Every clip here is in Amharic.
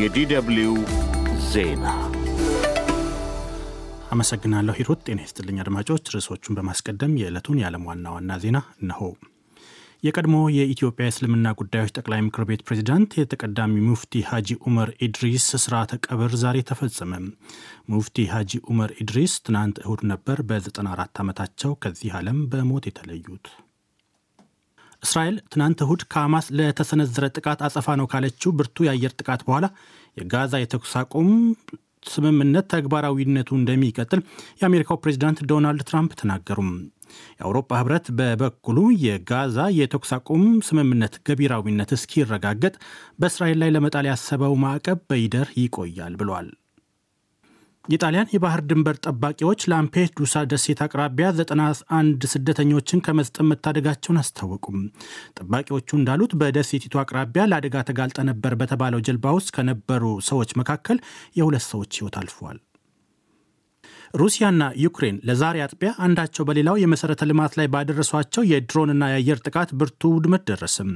የዲደብሊው ዜና አመሰግናለሁ ሂሩት። ጤና ይስጥልኝ አድማጮች። ርዕሶቹን በማስቀደም የዕለቱን የዓለም ዋና ዋና ዜና እነሆ። የቀድሞ የኢትዮጵያ እስልምና ጉዳዮች ጠቅላይ ምክር ቤት ፕሬዚዳንት የተቀዳሚ ሙፍቲ ሀጂ ኡመር ኢድሪስ ስርዓተ ቀብር ዛሬ ተፈጸመ። ሙፍቲ ሀጂ ኡመር ኢድሪስ ትናንት እሁድ ነበር በ94 ዓመታቸው ከዚህ ዓለም በሞት የተለዩት። እስራኤል ትናንት እሁድ ከሐማስ ለተሰነዘረ ጥቃት አጸፋ ነው ካለችው ብርቱ የአየር ጥቃት በኋላ የጋዛ የተኩስ አቁም ስምምነት ተግባራዊነቱ እንደሚቀጥል የአሜሪካው ፕሬዚዳንት ዶናልድ ትራምፕ ተናገሩም። የአውሮፓ ህብረት በበኩሉ የጋዛ የተኩስ አቁም ስምምነት ገቢራዊነት እስኪረጋገጥ በእስራኤል ላይ ለመጣል ያሰበው ማዕቀብ በይደር ይቆያል ብሏል። የጣሊያን የባህር ድንበር ጠባቂዎች ላምፔዱሳ ደሴት አቅራቢያ 91 ስደተኞችን ከመስጠም መታደጋቸውን አስታወቁም። ጠባቂዎቹ እንዳሉት በደሴቲቱ አቅራቢያ ለአደጋ ተጋልጠ ነበር በተባለው ጀልባ ውስጥ ከነበሩ ሰዎች መካከል የሁለት ሰዎች ሕይወት አልፏል። ሩሲያና ዩክሬን ለዛሬ አጥቢያ አንዳቸው በሌላው የመሰረተ ልማት ላይ ባደረሷቸው የድሮንና የአየር ጥቃት ብርቱ ውድመት ደረስም።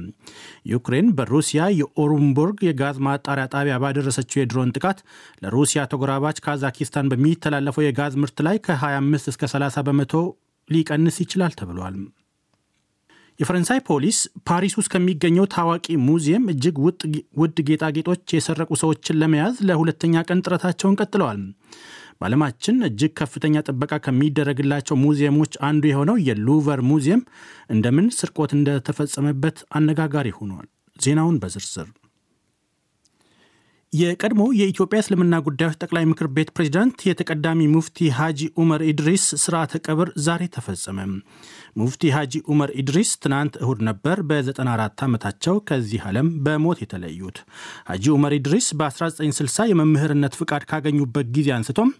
ዩክሬን በሩሲያ የኦሩምቡርግ የጋዝ ማጣሪያ ጣቢያ ባደረሰችው የድሮን ጥቃት ለሩሲያ ተጎራባች ካዛኪስታን በሚተላለፈው የጋዝ ምርት ላይ ከ25 እስከ 30 በመቶ ሊቀንስ ይችላል ተብሏል። የፈረንሳይ ፖሊስ ፓሪስ ውስጥ ከሚገኘው ታዋቂ ሙዚየም እጅግ ውድ ጌጣጌጦች የሰረቁ ሰዎችን ለመያዝ ለሁለተኛ ቀን ጥረታቸውን ቀጥለዋል። በዓለማችን እጅግ ከፍተኛ ጥበቃ ከሚደረግላቸው ሙዚየሞች አንዱ የሆነው የሉቨር ሙዚየም እንደምን ስርቆት እንደተፈጸመበት አነጋጋሪ ሆኗል። ዜናውን በዝርዝር የቀድሞ የኢትዮጵያ እስልምና ጉዳዮች ጠቅላይ ምክር ቤት ፕሬዚዳንት የተቀዳሚ ሙፍቲ ሃጂ ኡመር ኢድሪስ ስርዓተ ቀብር ዛሬ ተፈጸመ። ሙፍቲ ሃጂ ኡመር ኢድሪስ ትናንት እሁድ ነበር በ94 ዓመታቸው ከዚህ ዓለም በሞት የተለዩት። ሃጂ ኡመር ኢድሪስ በ1960 የመምህርነት ፍቃድ ካገኙበት ጊዜ አንስቶም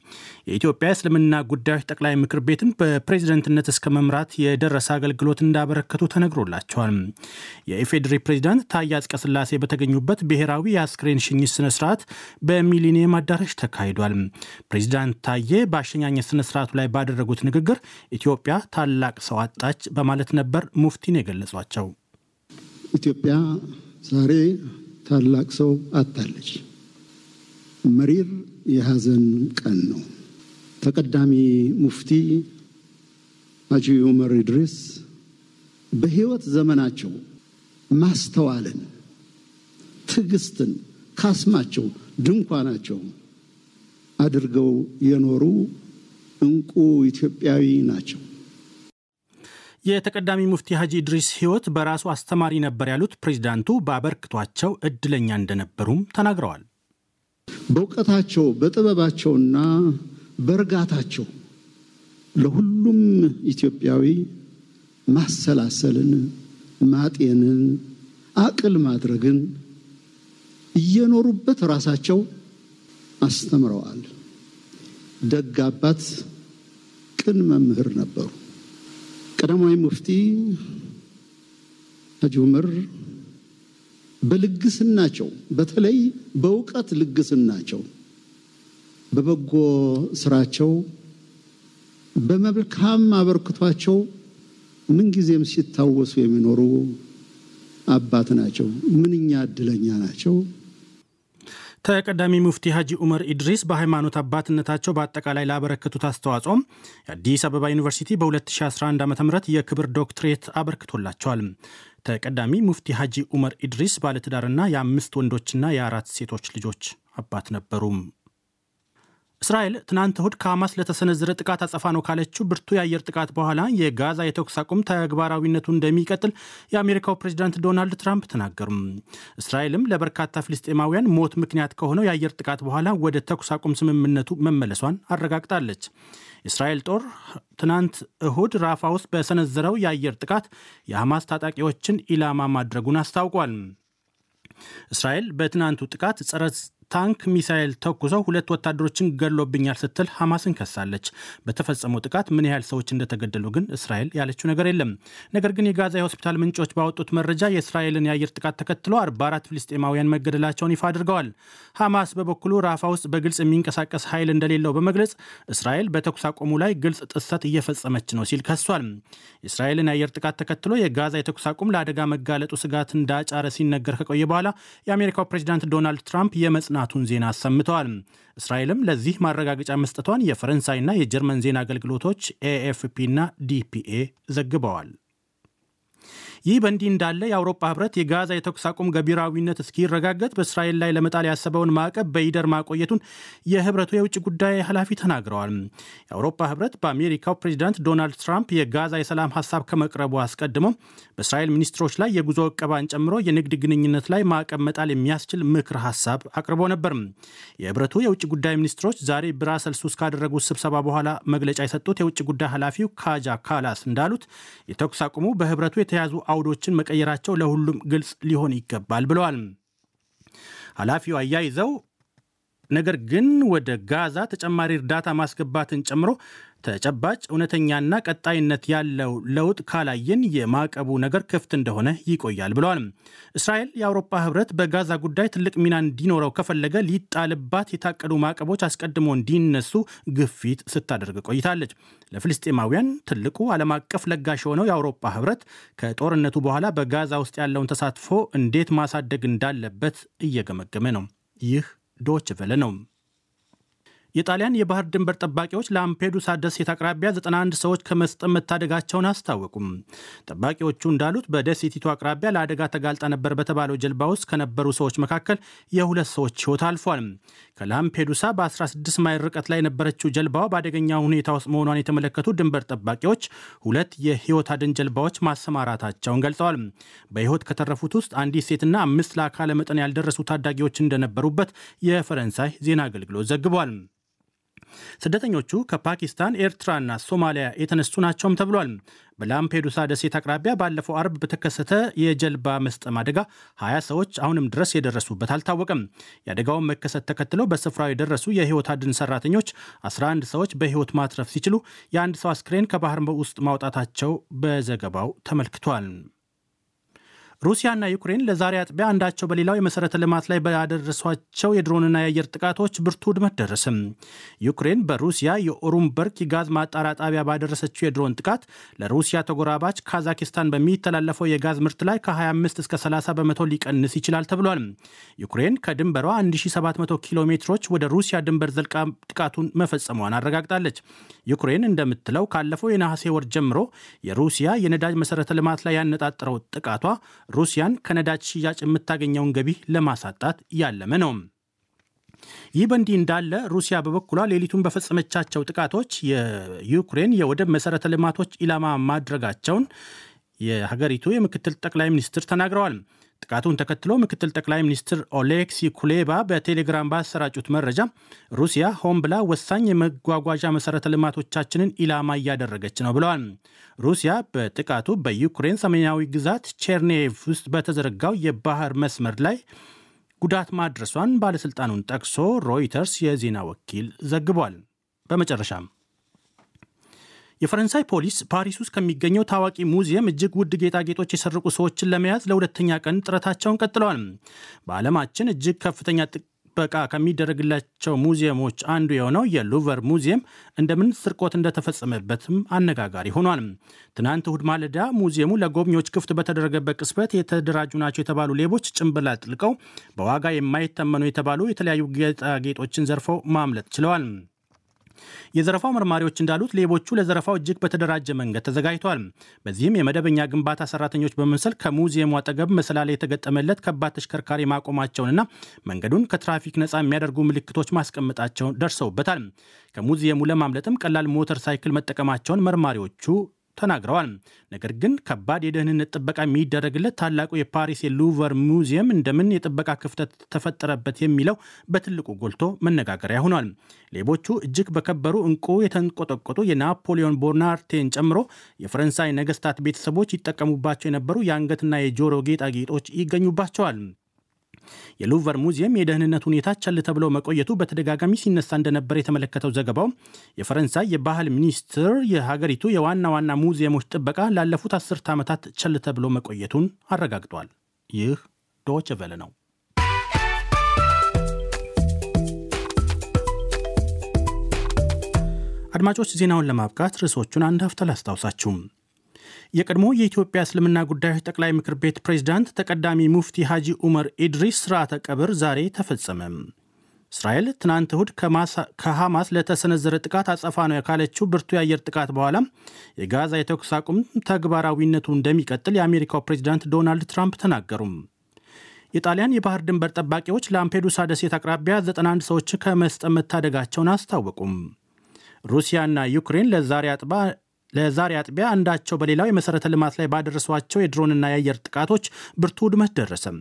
የኢትዮጵያ እስልምና ጉዳዮች ጠቅላይ ምክር ቤትን በፕሬዝደንትነት እስከ መምራት የደረሰ አገልግሎት እንዳበረከቱ ተነግሮላቸዋል። የኢፌዴሪ ፕሬዚዳንት ታዬ አጽቀሥላሴ በተገኙበት ብሔራዊ የአስክሬን ሽኝት ስነ ስነስርዓት በሚሊኒየም አዳራሽ ተካሂዷል። ፕሬዚዳንት ታዬ በአሸኛኘት ስነስርዓቱ ላይ ባደረጉት ንግግር ኢትዮጵያ ታላቅ ሰው አጣች በማለት ነበር ሙፍቲን የገለጿቸው። ኢትዮጵያ ዛሬ ታላቅ ሰው አጣለች። መሪር የሐዘን ቀን ነው። ተቀዳሚ ሙፍቲ ሐጂ ዑመር ኢድሪስ በሕይወት ዘመናቸው ማስተዋልን፣ ትዕግስትን ካስማቸው ድንኳናቸው አድርገው የኖሩ እንቁ ኢትዮጵያዊ ናቸው። የተቀዳሚ ሙፍቲ ሀጂ ኢድሪስ ህይወት በራሱ አስተማሪ ነበር ያሉት ፕሬዚዳንቱ በአበርክቷቸው እድለኛ እንደነበሩም ተናግረዋል። በእውቀታቸው በጥበባቸውና በእርጋታቸው ለሁሉም ኢትዮጵያዊ ማሰላሰልን፣ ማጤንን፣ አቅል ማድረግን እየኖሩበት ራሳቸው አስተምረዋል። ደግ አባት፣ ቅን መምህር ነበሩ። ቀዳማዊ ሙፍቲ ሐጂ ዑመር በልግስናቸው በተለይ በእውቀት ልግስናቸው፣ በበጎ ስራቸው፣ በመልካም አበርክቷቸው ምንጊዜም ሲታወሱ የሚኖሩ አባት ናቸው። ምንኛ እድለኛ ናቸው። ተቀዳሚ ሙፍቲ ሀጂ ኡመር ኢድሪስ በሃይማኖት አባትነታቸው በአጠቃላይ ላበረከቱት አስተዋጽኦም የአዲስ አበባ ዩኒቨርሲቲ በ2011 ዓ ም የክብር ዶክትሬት አበርክቶላቸዋል። ተቀዳሚ ሙፍቲ ሀጂ ኡመር ኢድሪስ ባለትዳርና የአምስት ወንዶችና የአራት ሴቶች ልጆች አባት ነበሩም። እስራኤል ትናንት እሁድ ከሐማስ ለተሰነዘረ ጥቃት አጸፋ ነው ካለችው ብርቱ የአየር ጥቃት በኋላ የጋዛ የተኩስ አቁም ተግባራዊነቱ እንደሚቀጥል የአሜሪካው ፕሬዚዳንት ዶናልድ ትራምፕ ተናገሩ። እስራኤልም ለበርካታ ፍልስጤማውያን ሞት ምክንያት ከሆነው የአየር ጥቃት በኋላ ወደ ተኩስ አቁም ስምምነቱ መመለሷን አረጋግጣለች። እስራኤል ጦር ትናንት እሁድ ራፋ ውስጥ በሰነዘረው የአየር ጥቃት የሐማስ ታጣቂዎችን ኢላማ ማድረጉን አስታውቋል። እስራኤል በትናንቱ ጥቃት ጸረ ታንክ ሚሳኤል ተኩሰው ሁለት ወታደሮችን ገድሎብኛል ስትል ሐማስን ከሳለች። በተፈጸመው ጥቃት ምን ያህል ሰዎች እንደተገደሉ ግን እስራኤል ያለችው ነገር የለም። ነገር ግን የጋዛ የሆስፒታል ምንጮች ባወጡት መረጃ የእስራኤልን የአየር ጥቃት ተከትሎ 44 ፍልስጤማውያን መገደላቸውን ይፋ አድርገዋል። ሐማስ በበኩሉ ራፋ ውስጥ በግልጽ የሚንቀሳቀስ ኃይል እንደሌለው በመግለጽ እስራኤል በተኩስ አቆሙ ላይ ግልጽ ጥሰት እየፈጸመች ነው ሲል ከሷል። የእስራኤልን የአየር ጥቃት ተከትሎ የጋዛ የተኩስ አቁም ለአደጋ መጋለጡ ስጋት እንዳጫረ ሲነገር ከቆየ በኋላ የአሜሪካው ፕሬዚዳንት ዶናልድ ትራምፕ የመጽና የመጽናቱን ዜና አሰምተዋል። እስራኤልም ለዚህ ማረጋገጫ መስጠቷን የፈረንሳይና የጀርመን ዜና አገልግሎቶች ኤኤፍፒ እና ዲፒኤ ዘግበዋል። ይህ በእንዲህ እንዳለ የአውሮፓ ህብረት የጋዛ የተኩስ አቁም ገቢራዊነት እስኪረጋገጥ በእስራኤል ላይ ለመጣል ያሰበውን ማዕቀብ በይደር ማቆየቱን የህብረቱ የውጭ ጉዳይ ኃላፊ ተናግረዋል። የአውሮፓ ህብረት በአሜሪካው ፕሬዚዳንት ዶናልድ ትራምፕ የጋዛ የሰላም ሀሳብ ከመቅረቡ አስቀድሞ በእስራኤል ሚኒስትሮች ላይ የጉዞ እቀባን ጨምሮ የንግድ ግንኙነት ላይ ማዕቀብ መጣል የሚያስችል ምክር ሀሳብ አቅርቦ ነበር። የህብረቱ የውጭ ጉዳይ ሚኒስትሮች ዛሬ ብራሰልስ ውስጥ ካደረጉት ስብሰባ በኋላ መግለጫ የሰጡት የውጭ ጉዳይ ኃላፊው ካጃ ካላስ እንዳሉት የተኩስ አቁሙ በህብረቱ የተያዙ አውዶችን መቀየራቸው ለሁሉም ግልጽ ሊሆን ይገባል ብለዋል። ኃላፊው አያይዘው ነገር ግን ወደ ጋዛ ተጨማሪ እርዳታ ማስገባትን ጨምሮ ተጨባጭ እውነተኛና ቀጣይነት ያለው ለውጥ ካላየን የማዕቀቡ ነገር ክፍት እንደሆነ ይቆያል ብለዋል። እስራኤል የአውሮፓ ህብረት በጋዛ ጉዳይ ትልቅ ሚና እንዲኖረው ከፈለገ ሊጣልባት የታቀዱ ማዕቀቦች አስቀድሞ እንዲነሱ ግፊት ስታደርግ ቆይታለች። ለፍልስጤማውያን ትልቁ ዓለም አቀፍ ለጋሽ የሆነው የአውሮፓ ህብረት ከጦርነቱ በኋላ በጋዛ ውስጥ ያለውን ተሳትፎ እንዴት ማሳደግ እንዳለበት እየገመገመ ነው። ይህ ዶችቨለ ነው። የጣሊያን የባህር ድንበር ጠባቂዎች ላምፔዱሳ ደሴት አቅራቢያ 91 ሰዎች ከመስጠት መታደጋቸውን አስታወቁም። ጠባቂዎቹ እንዳሉት በደሴቲቱ አቅራቢያ ለአደጋ ተጋልጣ ነበር በተባለው ጀልባ ውስጥ ከነበሩ ሰዎች መካከል የሁለት ሰዎች ሕይወት አልፏል። ከላምፔዱሳ በ16 ማይል ርቀት ላይ የነበረችው ጀልባዋ በአደገኛ ሁኔታ ውስጥ መሆኗን የተመለከቱ ድንበር ጠባቂዎች ሁለት የሕይወት አድን ጀልባዎች ማሰማራታቸውን ገልጸዋል። በሕይወት ከተረፉት ውስጥ አንዲት ሴትና አምስት ለአካለ መጠን ያልደረሱ ታዳጊዎች እንደነበሩበት የፈረንሳይ ዜና አገልግሎት ዘግቧል። ስደተኞቹ ከፓኪስታን፣ ኤርትራና ሶማሊያ የተነሱ ናቸውም ተብሏል። በላምፔዱሳ ደሴት አቅራቢያ ባለፈው አርብ በተከሰተ የጀልባ መስጠም አደጋ 20 ሰዎች አሁንም ድረስ የደረሱበት አልታወቀም። የአደጋውን መከሰት ተከትሎ በስፍራው የደረሱ የህይወት አድን ሰራተኞች 11 ሰዎች በህይወት ማትረፍ ሲችሉ የአንድ ሰው አስክሬን ከባህር ውስጥ ማውጣታቸው በዘገባው ተመልክቷል። ሩሲያና ዩክሬን ለዛሬ አጥቢያ አንዳቸው በሌላው የመሰረተ ልማት ላይ ባደረሷቸው የድሮንና የአየር ጥቃቶች ብርቱ ውድመት ደረስም። ዩክሬን በሩሲያ የኦሩምበርግ የጋዝ ማጣሪያ ጣቢያ ባደረሰችው የድሮን ጥቃት ለሩሲያ ተጎራባች ካዛኪስታን በሚተላለፈው የጋዝ ምርት ላይ ከ25 እስከ 30 በመቶ ሊቀንስ ይችላል ተብሏል። ዩክሬን ከድንበሯ 1700 ኪሎ ሜትሮች ወደ ሩሲያ ድንበር ዘልቃ ጥቃቱን መፈጸሟን አረጋግጣለች። ዩክሬን እንደምትለው ካለፈው የነሐሴ ወር ጀምሮ የሩሲያ የነዳጅ መሰረተ ልማት ላይ ያነጣጠረው ጥቃቷ ሩሲያን ከነዳጅ ሽያጭ የምታገኘውን ገቢ ለማሳጣት ያለመ ነው። ይህ በእንዲህ እንዳለ ሩሲያ በበኩሏ ሌሊቱን በፈጸመቻቸው ጥቃቶች የዩክሬን የወደብ መሠረተ ልማቶች ኢላማ ማድረጋቸውን የሀገሪቱ የምክትል ጠቅላይ ሚኒስትር ተናግረዋል። ጥቃቱን ተከትሎ ምክትል ጠቅላይ ሚኒስትር ኦሌክሲ ኩሌባ በቴሌግራም ባሰራጩት መረጃ ሩሲያ ሆን ብላ ወሳኝ የመጓጓዣ መሠረተ ልማቶቻችንን ኢላማ እያደረገች ነው ብለዋል። ሩሲያ በጥቃቱ በዩክሬን ሰሜናዊ ግዛት ቼርኔቭ ውስጥ በተዘረጋው የባህር መስመር ላይ ጉዳት ማድረሷን ባለሥልጣኑን ጠቅሶ ሮይተርስ የዜና ወኪል ዘግቧል። በመጨረሻም የፈረንሳይ ፖሊስ ፓሪስ ውስጥ ከሚገኘው ታዋቂ ሙዚየም እጅግ ውድ ጌጣጌጦች የሰረቁ ሰዎችን ለመያዝ ለሁለተኛ ቀን ጥረታቸውን ቀጥለዋል። በዓለማችን እጅግ ከፍተኛ ጥበቃ ከሚደረግላቸው ሙዚየሞች አንዱ የሆነው የሉቨር ሙዚየም እንደምን ስርቆት እንደተፈጸመበትም አነጋጋሪ ሆኗል። ትናንት እሁድ ማለዳ ሙዚየሙ ለጎብኚዎች ክፍት በተደረገበት ቅስበት የተደራጁ ናቸው የተባሉ ሌቦች ጭንብል አጥልቀው በዋጋ የማይተመኑ የተባሉ የተለያዩ ጌጣጌጦችን ዘርፈው ማምለጥ ችለዋል። የዘረፋው መርማሪዎች እንዳሉት ሌቦቹ ለዘረፋው እጅግ በተደራጀ መንገድ ተዘጋጅተዋል። በዚህም የመደበኛ ግንባታ ሰራተኞች በመምሰል ከሙዚየሙ አጠገብ መሰላል የተገጠመለት ከባድ ተሽከርካሪ ማቆማቸውንና መንገዱን ከትራፊክ ነፃ የሚያደርጉ ምልክቶች ማስቀመጣቸውን ደርሰውበታል። ከሙዚየሙ ለማምለጥም ቀላል ሞተር ሳይክል መጠቀማቸውን መርማሪዎቹ ተናግረዋል። ነገር ግን ከባድ የደህንነት ጥበቃ የሚደረግለት ታላቁ የፓሪስ የሉቨር ሙዚየም እንደምን የጥበቃ ክፍተት ተፈጠረበት የሚለው በትልቁ ጎልቶ መነጋገሪያ ሆኗል። ሌቦቹ እጅግ በከበሩ እንቁ የተንቆጠቆጡ የናፖሊዮን ቦናርቴን ጨምሮ የፈረንሳይ ነገስታት ቤተሰቦች ይጠቀሙባቸው የነበሩ የአንገትና የጆሮ ጌጣጌጦች ይገኙባቸዋል። የሉቨር ሙዚየም የደህንነት ሁኔታ ቸል ተብሎ መቆየቱ በተደጋጋሚ ሲነሳ እንደነበረ የተመለከተው ዘገባው የፈረንሳይ የባህል ሚኒስትር የሀገሪቱ የዋና ዋና ሙዚየሞች ጥበቃ ላለፉት አስርተ ዓመታት ቸል ተብሎ መቆየቱን አረጋግጧል። ይህ ዶች ቨለ ነው። አድማጮች ዜናውን ለማብቃት ርዕሶቹን አንድ ሀፍተ ላስታውሳችሁም። የቀድሞ የኢትዮጵያ እስልምና ጉዳዮች ጠቅላይ ምክር ቤት ፕሬዝዳንት ተቀዳሚ ሙፍቲ ሐጂ ዑመር ኢድሪስ ስርዓተ ቀብር ዛሬ ተፈጸመ። እስራኤል ትናንት እሁድ ከሐማስ ለተሰነዘረ ጥቃት አጸፋ ነው ካለችው ብርቱ የአየር ጥቃት በኋላ የጋዛ የተኩስ አቁም ተግባራዊነቱ እንደሚቀጥል የአሜሪካው ፕሬዝዳንት ዶናልድ ትራምፕ ተናገሩ። የጣሊያን የባህር ድንበር ጠባቂዎች ላምፔዱሳ ደሴት አቅራቢያ 91 ሰዎች ከመስጠም መታደጋቸውን አስታወቁም። ሩሲያና ዩክሬን ለዛሬ አጥባ ለዛሬ አጥቢያ አንዳቸው በሌላው የመሠረተ ልማት ላይ ባደረሷቸው የድሮንና የአየር ጥቃቶች ብርቱ ውድመት ደረሰም።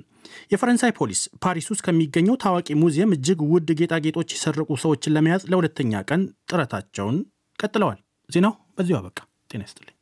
የፈረንሳይ ፖሊስ ፓሪስ ውስጥ ከሚገኘው ታዋቂ ሙዚየም እጅግ ውድ ጌጣጌጦች የሰረቁ ሰዎችን ለመያዝ ለሁለተኛ ቀን ጥረታቸውን ቀጥለዋል። ዜናው በዚሁ አበቃ። ጤና ይስጥልኝ።